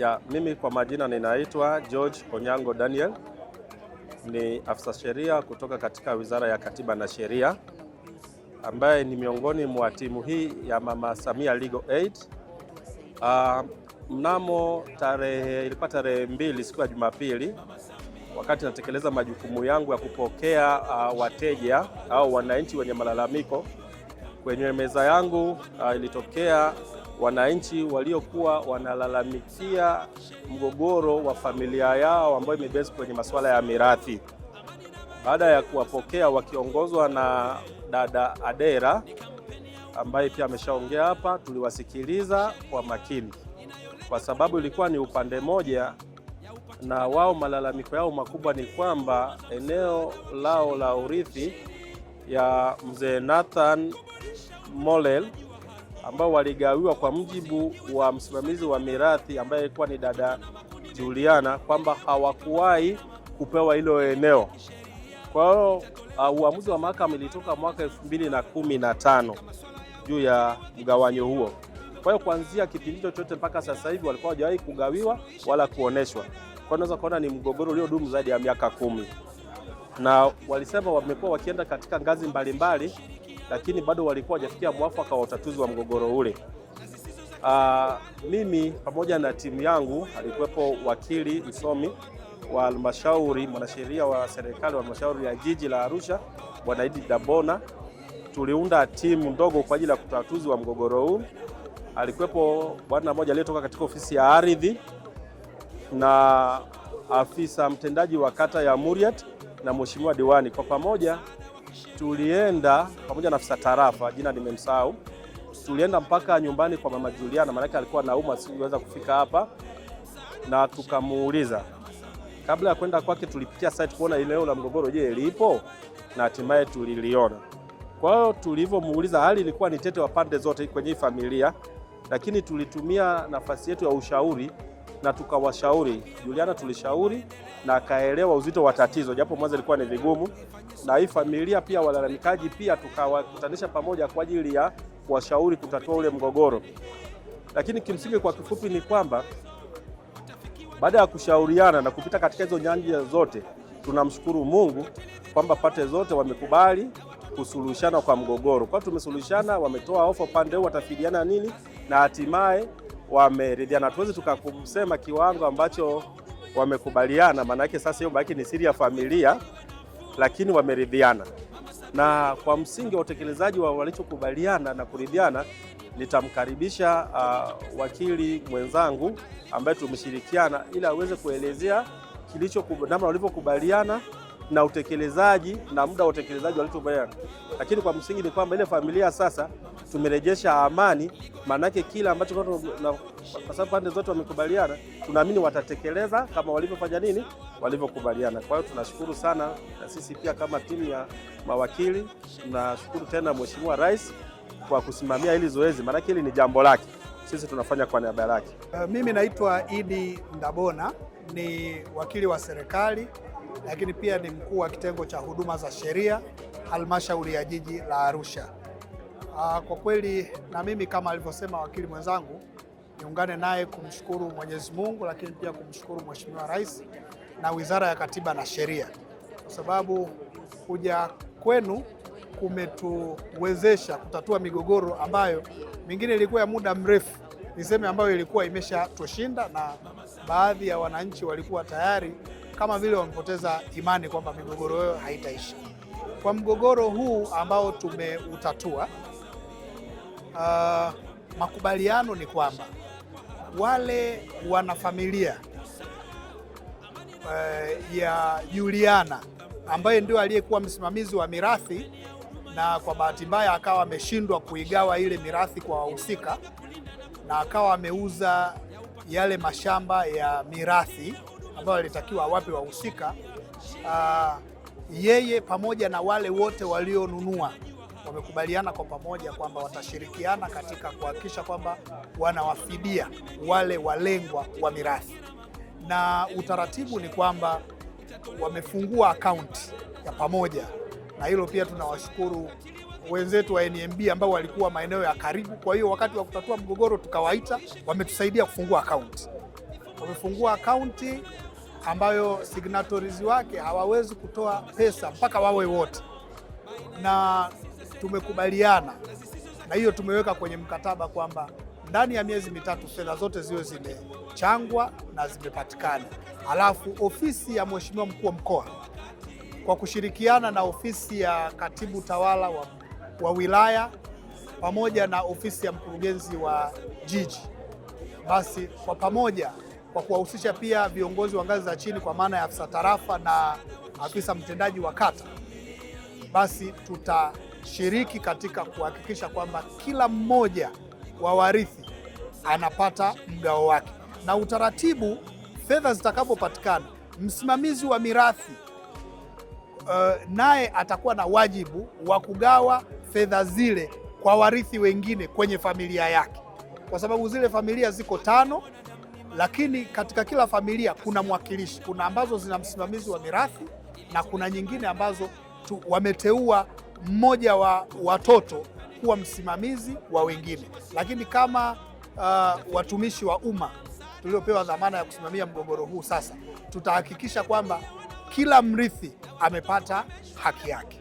Ya, mimi kwa majina ninaitwa George Onyango Daniel, ni afisa sheria kutoka katika Wizara ya Katiba na Sheria ambaye ni miongoni mwa timu hii ya Mama Samia Legal Aid. Uh, mnamo tarehe ilikuwa tarehe mbili siku ya Jumapili, wakati natekeleza majukumu yangu ya kupokea uh, wateja au wananchi wenye malalamiko kwenye meza yangu uh, ilitokea wananchi waliokuwa wanalalamikia mgogoro wa familia yao ambayo imebezi kwenye masuala ya mirathi. Baada ya kuwapokea wakiongozwa na dada Adera ambaye pia ameshaongea hapa, tuliwasikiliza kwa makini, kwa sababu ilikuwa ni upande moja, na wao malalamiko yao makubwa ni kwamba eneo lao la urithi ya mzee Nathan Molel ambao waligawiwa kwa mjibu wa msimamizi wa mirathi ambaye alikuwa ni dada Juliana kwamba hawakuwahi kupewa hilo eneo. Kwa hiyo uh, uamuzi wa mahakama ilitoka mwaka elfu mbili na kumi na tano juu ya mgawanyo huo. Kwa hiyo kuanzia kipindi chochote mpaka sasa hivi walikuwa hawajawahi kugawiwa wala kuoneshwa. Kwa unaweza kuona ni mgogoro uliodumu zaidi ya miaka kumi, na walisema wamekuwa wakienda katika ngazi mbalimbali lakini bado walikuwa hawajafikia mwafaka wa utatuzi wa mgogoro ule. Uh, mimi pamoja na timu yangu alikuwepo wakili msomi wa halmashauri, mwanasheria wa serikali wa halmashauri ya jiji la Arusha, Bwana Idi Dabona. Tuliunda timu ndogo kwa ajili ya kutatuzi wa mgogoro huu. Alikuwepo bwana mmoja aliyetoka katika ofisi ya ardhi na afisa mtendaji wa kata ya Muriat na mheshimiwa diwani. Kwa pamoja tulienda pamoja na afisa tarafa, jina nimemsahau, tulienda mpaka nyumbani kwa mama Juliana, maanake alikuwa naumwa, siweza kufika hapa, na tukamuuliza kabla ya kwenda kwake, tulipitia site kuona eneo la mgogoro, je, lipo na hatimaye tuliliona. Kwa hiyo tulivyomuuliza, hali ilikuwa ni tete wa pande zote kwenye familia, lakini tulitumia nafasi yetu ya ushauri na tukawashauri. Juliana tulishauri na akaelewa uzito wa tatizo, japo mwanzo ilikuwa ni vigumu, na hii familia pia walalamikaji pia tukawakutanisha pamoja kwa ajili ya kuwashauri kutatua ule mgogoro. Lakini kimsingi kwa kifupi ni kwamba baada ya kushauriana na kupita katika hizo nyanja zote, tunamshukuru Mungu kwamba pate zote wamekubali kusuluhishana kwa mgogoro. Kwa tumesuluhishana, wametoa ofa pande huu watafidiana nini, na hatimaye wameridhiana. Tuwezi tukakusema kiwango ambacho wamekubaliana, maana sasa hiyo baki ni siri ya familia lakini wameridhiana, na kwa msingi wa utekelezaji wa walichokubaliana na kuridhiana nitamkaribisha uh, wakili mwenzangu ambaye tumeshirikiana ili aweze kuelezea kilicho namna walivyokubaliana na utekelezaji na muda wa utekelezaji walichokubaliana. Lakini kwa msingi ni kwamba ile familia sasa tumerejesha amani, maanake kila ambacho kwa sababu pande zote wamekubaliana, tunaamini watatekeleza kama walivyofanya nini, walivyokubaliana. Kwa hiyo tunashukuru sana, na sisi pia kama timu ya mawakili tunashukuru tena Mheshimiwa Rais kwa kusimamia hili zoezi, maanake hili ni jambo lake, sisi tunafanya kwa niaba yake. Uh, mimi naitwa Idi Ndabona, ni wakili wa serikali lakini pia ni mkuu wa kitengo cha huduma za sheria halmashauri ya jiji la Arusha. Ah, kwa kweli na mimi kama alivyosema wakili mwenzangu, niungane naye kumshukuru Mwenyezi Mungu, lakini pia kumshukuru Mheshimiwa Rais na Wizara ya Katiba na Sheria kwa sababu kuja kwenu kumetuwezesha kutatua migogoro ambayo mingine ilikuwa ya muda mrefu, niseme ambayo ilikuwa imeshatushinda, na baadhi ya wananchi walikuwa tayari kama vile wamepoteza imani kwamba migogoro hiyo haitaisha. Kwa mgogoro huu ambao tumeutatua uh, makubaliano ni kwamba wale wanafamilia uh, ya Juliana ambaye ndio aliyekuwa msimamizi wa mirathi na kwa bahati mbaya akawa ameshindwa kuigawa ile mirathi kwa wahusika na akawa ameuza yale mashamba ya mirathi ambayo alitakiwa awape wahusika uh, yeye pamoja na wale wote walionunua wamekubaliana kwa pamoja kwamba watashirikiana katika kuhakikisha kwamba wanawafidia wale walengwa wa mirathi, na utaratibu ni kwamba wamefungua akaunti ya pamoja, na hilo pia tunawashukuru wenzetu wa NMB ambao walikuwa maeneo ya karibu. Kwa hiyo wakati wa kutatua mgogoro tukawaita, wametusaidia kufungua akaunti. Wamefungua akaunti ambayo signatories wake hawawezi kutoa pesa mpaka wawe wote na tumekubaliana na hiyo, tumeweka kwenye mkataba kwamba ndani ya miezi mitatu fedha zote ziwe zimechangwa na zimepatikana. Alafu ofisi ya mheshimiwa mkuu wa mkoa kwa kushirikiana na ofisi ya katibu tawala wa, wa wilaya pamoja na ofisi ya mkurugenzi wa jiji, basi kwa pamoja kwa kuwahusisha pia viongozi wa ngazi za chini kwa maana ya afisa tarafa na afisa mtendaji wa kata, basi tuta shiriki katika kuhakikisha kwamba kila mmoja wa warithi anapata mgao wake, na utaratibu fedha zitakapopatikana, msimamizi wa mirathi uh, naye atakuwa na wajibu wa kugawa fedha zile kwa warithi wengine kwenye familia yake, kwa sababu zile familia ziko tano, lakini katika kila familia kuna mwakilishi. Kuna ambazo zina msimamizi wa mirathi na kuna nyingine ambazo tu wameteua mmoja wa watoto kuwa msimamizi wa wengine, lakini kama uh, watumishi wa umma tuliopewa dhamana ya kusimamia mgogoro huu sasa, tutahakikisha kwamba kila mrithi amepata haki yake.